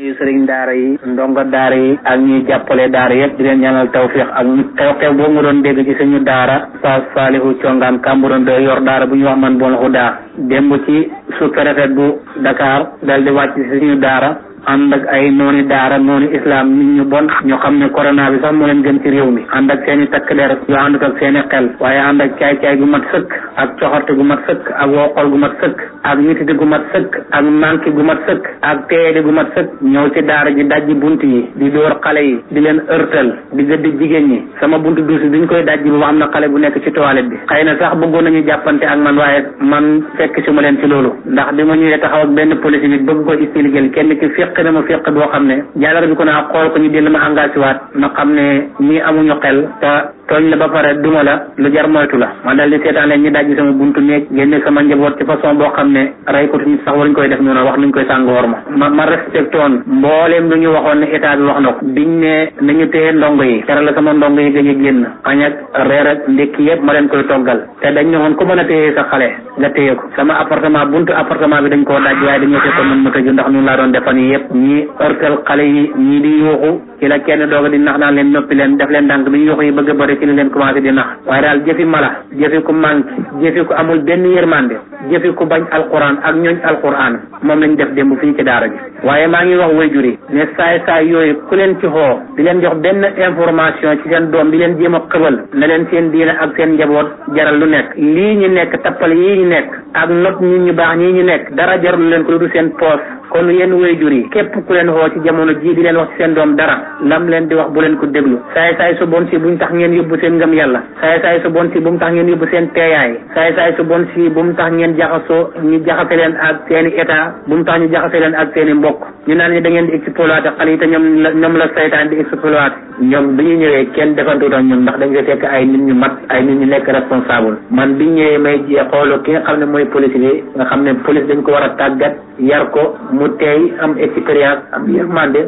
ñuy sëriñ daara yi ndongo daara yi ak ñuy jàppale daara yëpp di leen ñaanal tawfiix ak ñu xew-xew boo nga doon dégg ci suñu daara Oustaz Salihu Thiongaan Cambérène de yor daara bu ñu wax man bon xudaa démb ci sous-préfet bu Dakar dal di ci suñu daara ànd ak ay nooni daara nooni islam nit ñu bon ñu xam ne corona bi sax moo leen gën ci réew mi ànd ak seen i takk der yoo ànd ak seen xel waaye ànd ak caay-caay gu mat sëkk ak coxorte gu mat sëkk ak woqol gu mat sëkk ak nitide gu mat sëkk ak manqué gu mat sëkk ak teeyede gu mat sëkk ñëw ci daara ji dajji bunt yi di dóor xale yi di leen ërtal di gëdd jigéen ñi sama buntu duusi duñ koy dajji ba ma xam ne xale bu nekk ci toilette bi xay na sax bëggoon nañu jàppante ak man waaye man fekk si leen ci loolu ndax bi ma ñëwee taxaw bëgg fekk na ma fekk boo xam ne jàllale bi ko naa xool ko ñu dellu ma engagé waat na xam ne ñii amuñu xel te tooñ la ba pare duma la lu jar moytu la ma dal seetaan leen ñu sama buntu néeg génne sama njaboot ci façon boo xam ne rey ko nit sax waruñ koy def noonu wax nuñ koy sàngoor ma ma na ko biñ yi teral la ndongo yi gëj a génn añ yëpp ma leen koy toggal te dañ ne woon ku mën a téye sa xale nga téye ko sama appartement buntu appartement bi dañ koo daj waaye dañoo fekkoon ndax ñun laa doon defan yi yëpp ñii ërtal xale yi ñii di yuuxu ci la kenn dooga di nax naan leen noppi leen def leen dànk bi ñu yoxu bëgg a bëri ci la leen commencé di nax waaye daal jëfi mala jëfi ku manque jëfi ku amul benn yërmande jëfi ku bañ alquran ak ñooñ alquran moom lañ def démb fii ci daara a na leen seen diine jaral lu nekk lii ñu nekk tappal yii ñu nekk ak not ñi ñu baax ñii ñu nekk dara jaral lu leen ko lu du seen poos kon yéen wayjur yi képp ku leen xoo ci jamono jii di leen wax ci seen doom dara lam leen di wax bu leen ko déglu saay saay su bon si bumu tax ngeen yóbbu seen ngëm yàlla saay saay su bon si bu tax ngeen yóbbu seen teeyaay saay saay su bon si bu mu tax ngeen jaxasoo ñu jaxase leen ak seen i état tax ñu jaxase leen ak seen mbokk ñu naan ñi da ngeen di exploité xale yi te ñoom la ñoom la saytaan di exploité ñoom bi ñu ñëwee kenn defantuutoon ñoom ndax dañ ko fekk ay nit ñu mat ay nit ñu nekk responsable man bi ñëwee may xam ne mooy police bi nga xam ne police a ko mu teey am expérience am yërmande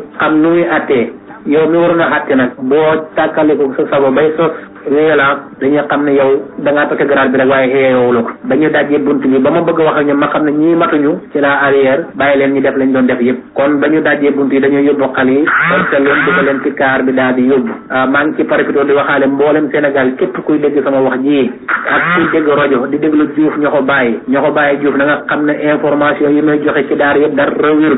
yow mi waroon a xàtte nag boo tàkkaliku sa sabo bay sos wéyalaat dañu xam ne yow da ngaa tote garaat bi rek waaye xeeyewulu ko dañu dajje bunt bi ba ma bëgg wax ak ma matuñu ci la arrière leen def lañ doon def kon dañu dajje bunti, yi dañoo bokali, xal yi porte leen dugal leen ci kaar bi daal di yóbbu ah, ngi ci parapito di Sénégal képp kuy dégg sama wax ji ak kuy dégg rajo di déglu Diouf ñoo ko bàyyi ñoo ko bàyyi na nga xam information yi may joxe ci daar yëpp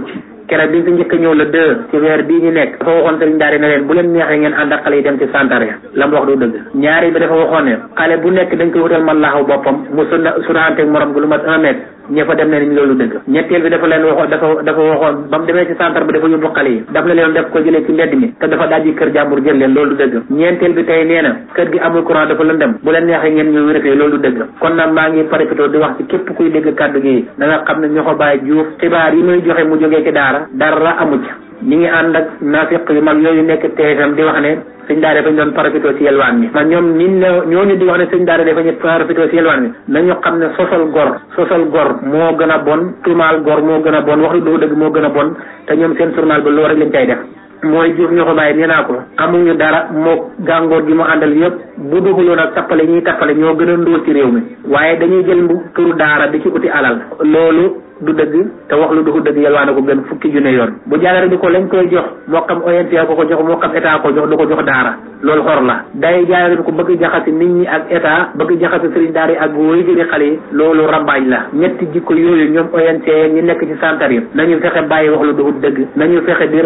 ci keroog bi fi njëkk ñëw le deux ci weer bii ñu nekk dafa waxoon sëriñ daara ne leen bu leen neexee ngeen ànd ak yi dem ci santar ya la mu du dëgg ñaari bi dafa waxoon ne xale bu nekk dañ koy wutal man laaxaw boppam mu sunna sunaanteeg morom gi lu ma un mètre ña fa dem ne nañ loolu dëgg ñetteel bi dafa leen waxoon dafa dafa waxoon ba mu demee ci centre bi dafa yóbbu xale yi daf na leen def ko jëlee ci mbedd mi te dafa dajji kër jàmbur jël leen loolu dëgg ñeenteel bi tey nee na kër gi amul courant dafa lëndëm bu leen neexee ngeen ñëw vérifié loolu dëgg kon nag maa ngi parépéto di wax ci képp kuy dégg kàddu gi da nga xam ne ñoo ko bàyyi Juuf xibaar yi muy joxe mu jógee ci daara dara amu ci ñi ngi ànd ak nafiq yu mag yooyu nekk TFM di wax ne sëñ daara dafa ñu doon profité ci yelwaan bi man ñoom ñi ne ñooñu wax ne sëñ daara dafa ñu profité xam ne sosal gor sosal gor moo gën a bon tuumaal gor moo gën a bon wax lu dul dëgg moo gën a bon te ñoom seen journal bi loolu rek lañ cay def mooy Diouf ñoo ko bàyyi nee naa ko amuñu dara moo gàngoor gi mu àndal yëpp bu duxuloon ak tappale ñuy tappale ñoo gën a ndóol ci réew mi waaye dañuy jël mbu turu daara di ci uti alal loolu du dëgg te wax lu du dëgg yalwaane ko gën fukki junne yoon bu jàllale ni ko lañ koy jox moo xam ONG ko ko jox moo xam état ko du ko jox daara loolu xor la day jàllale ni ko bëgg jaxasi nit ñi ak état bëgg jaxasi sëriñ daara yi ak wooy jëri xale yi loolu rambaaj la ñetti jikko yooyu ñoom ONG ñi nekk ci santar yi nañu fexe bàyyi wax lu du dëgg nañu fexe